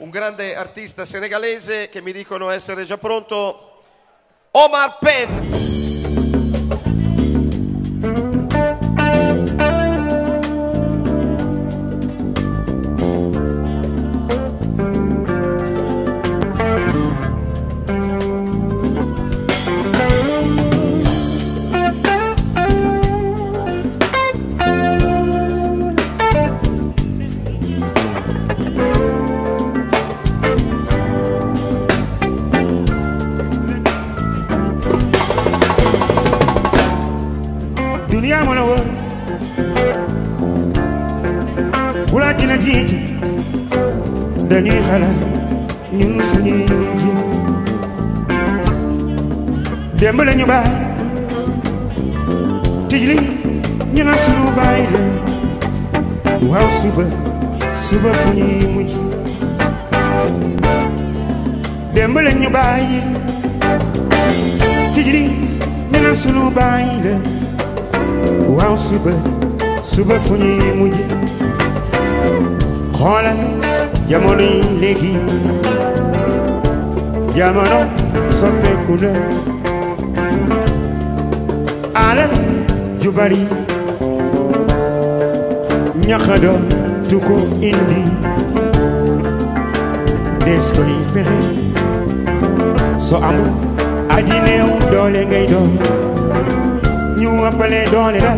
un grande artista senegalese che mi dicono essere già pronto, Omar Penn. na sunu baay la suba suba fu ñuy mujj xoolal jamono yi léegi jamono soppeeku na alal indi Desko koy so amu, aji néew doole ngay doon ñu ëppale doole la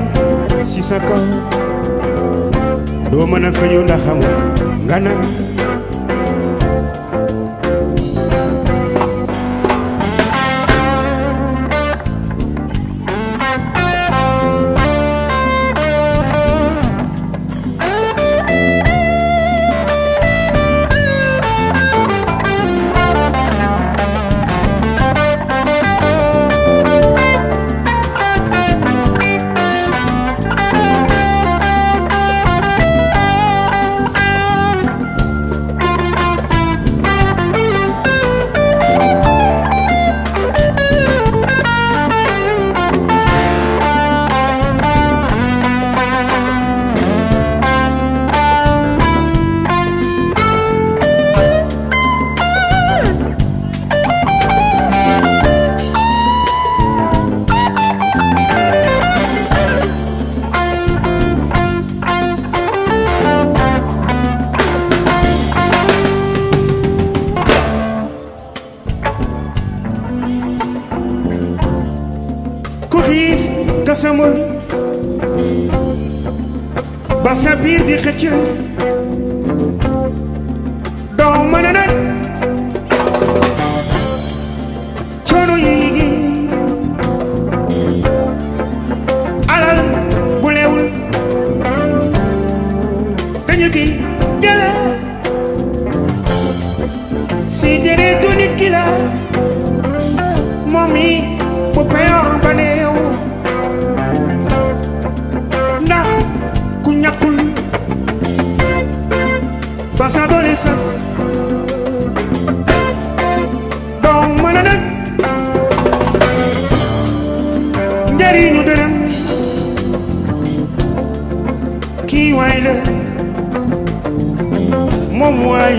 si sa kaw doo mën a feeñu ndax xam nga naa kila moom yi ba néew ndax ku ñàkkul ba sa doole sas doo mën a nag njëriñu dërëm kii waay la moom waay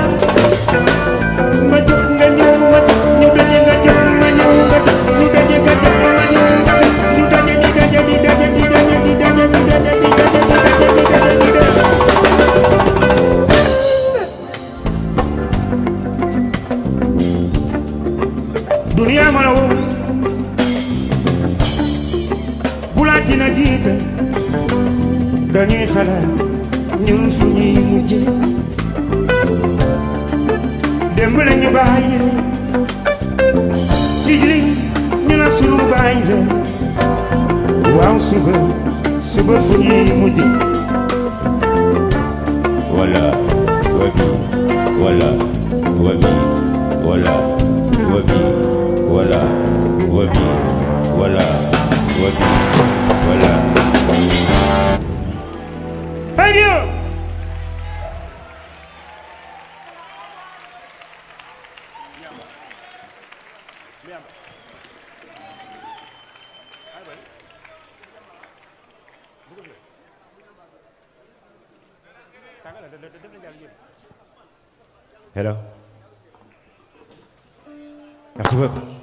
Hello. Merci beaucoup.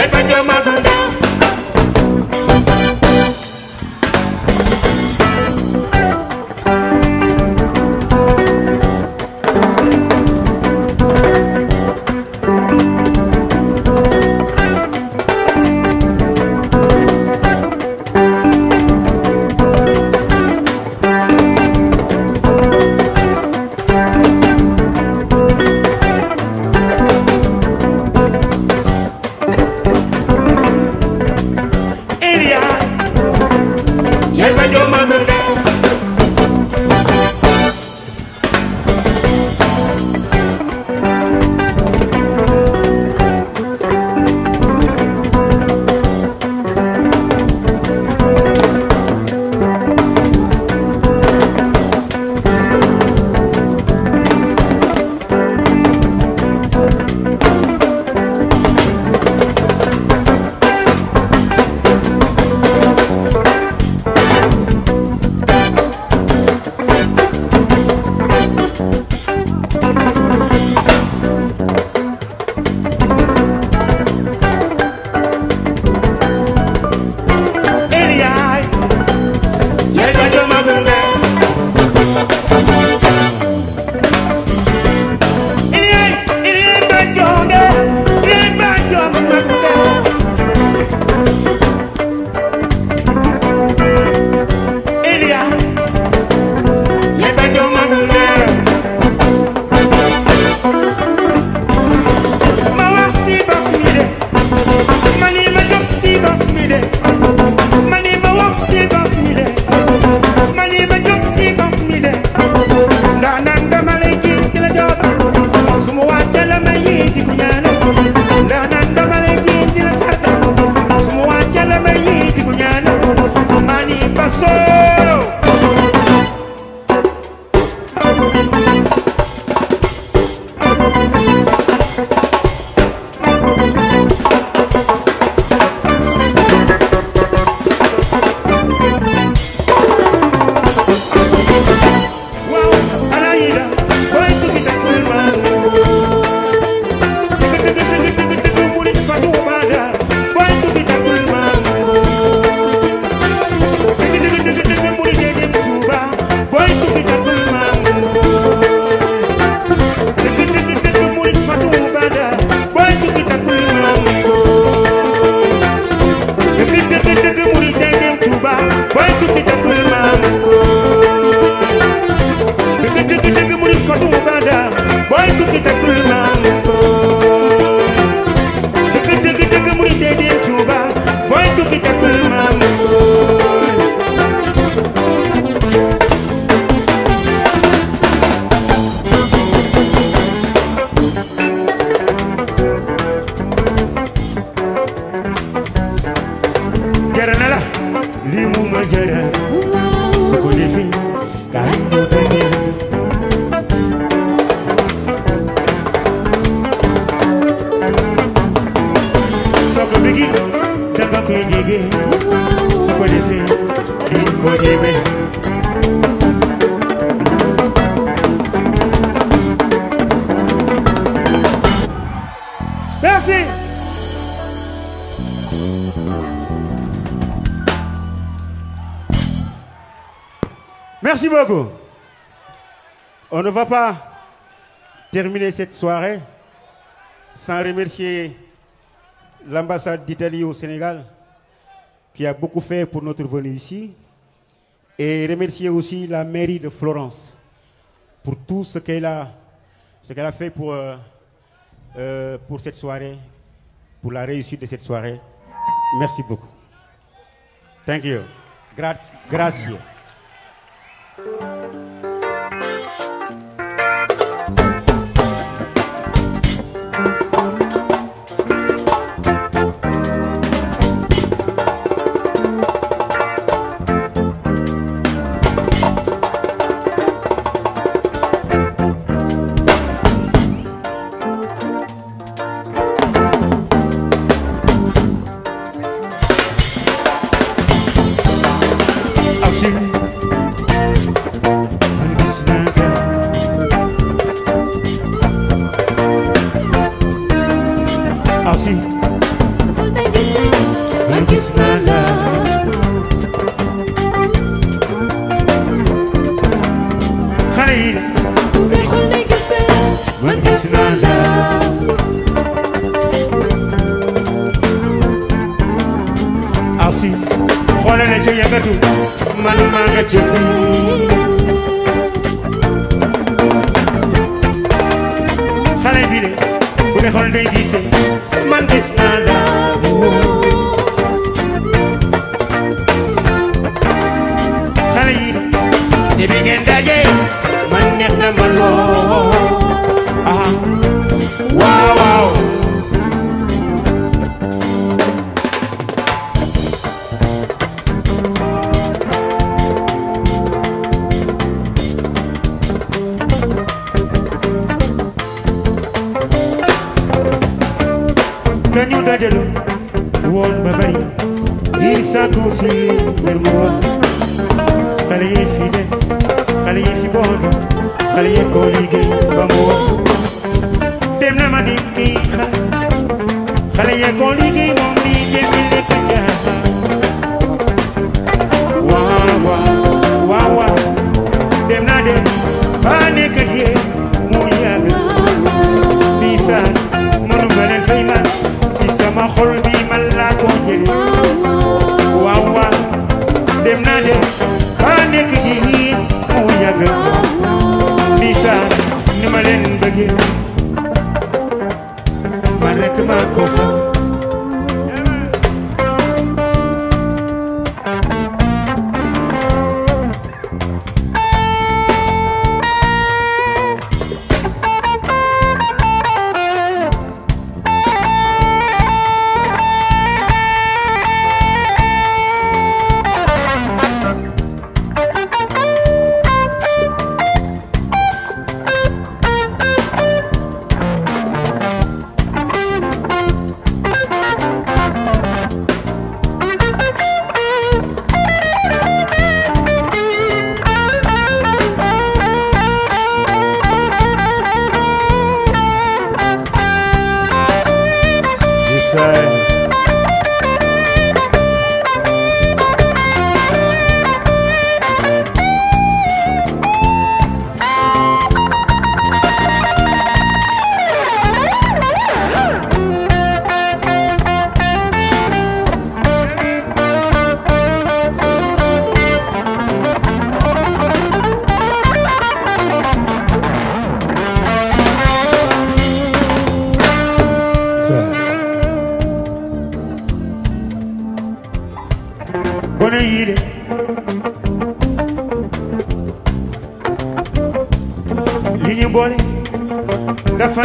Get back your On ne va pas terminer cette soirée sans remercier l'ambassade d'Italie au Sénégal qui a beaucoup fait pour notre venue ici et remercier aussi la mairie de Florence pour tout ce qu'elle a, ce qu'elle a fait pour, euh, euh, pour cette soirée, pour la réussite de cette soirée. Merci beaucoup. Thank you. ne xol day jiite man gis naa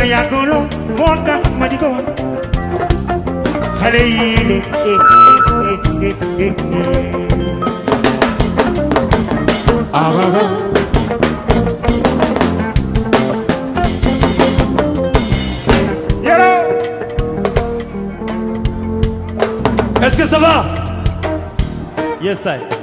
ya hale eh, eh, eh, ah, ah, ah. Est-ce que ça va Yes, sir.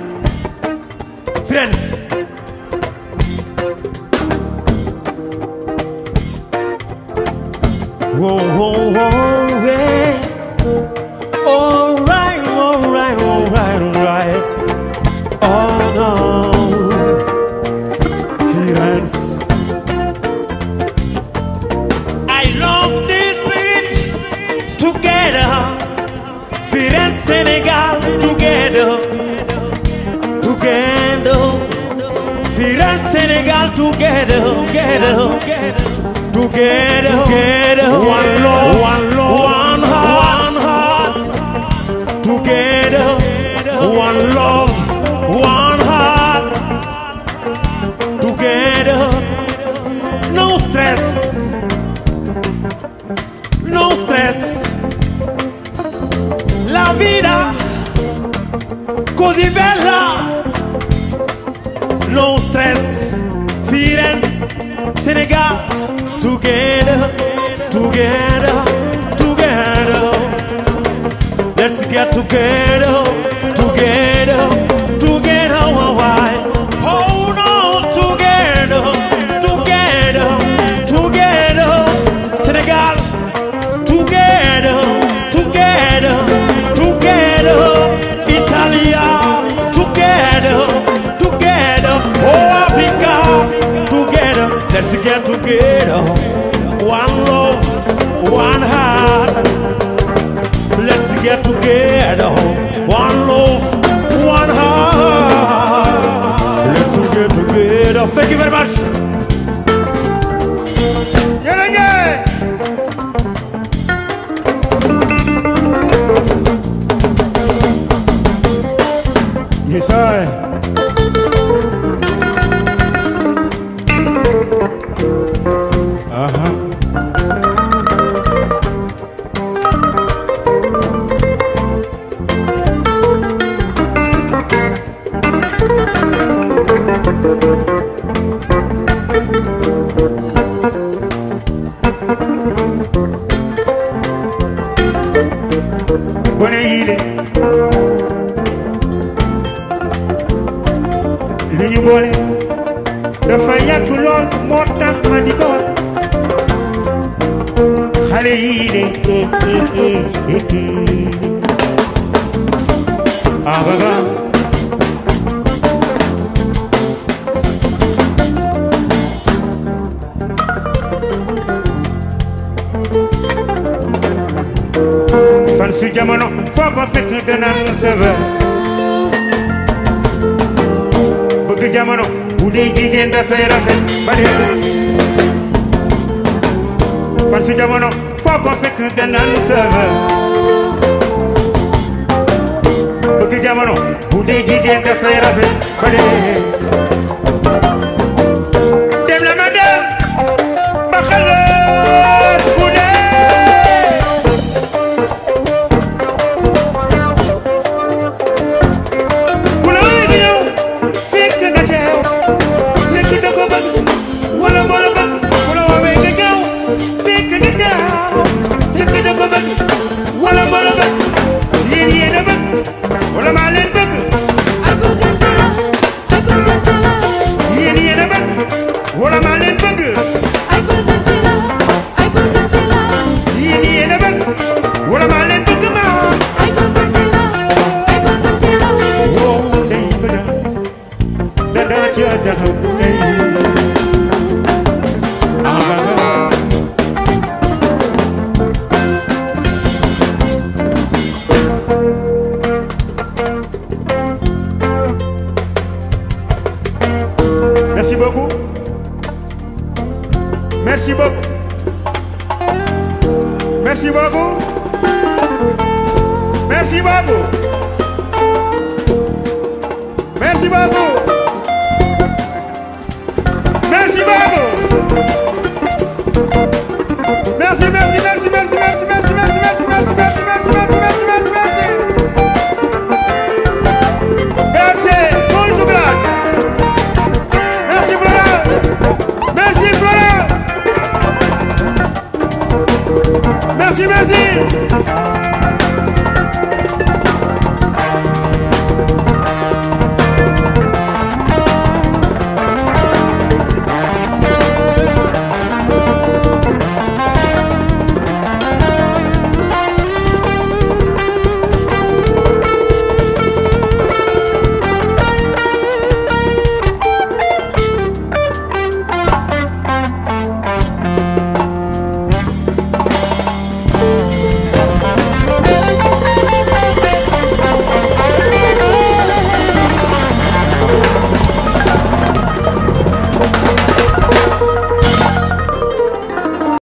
together, together. together.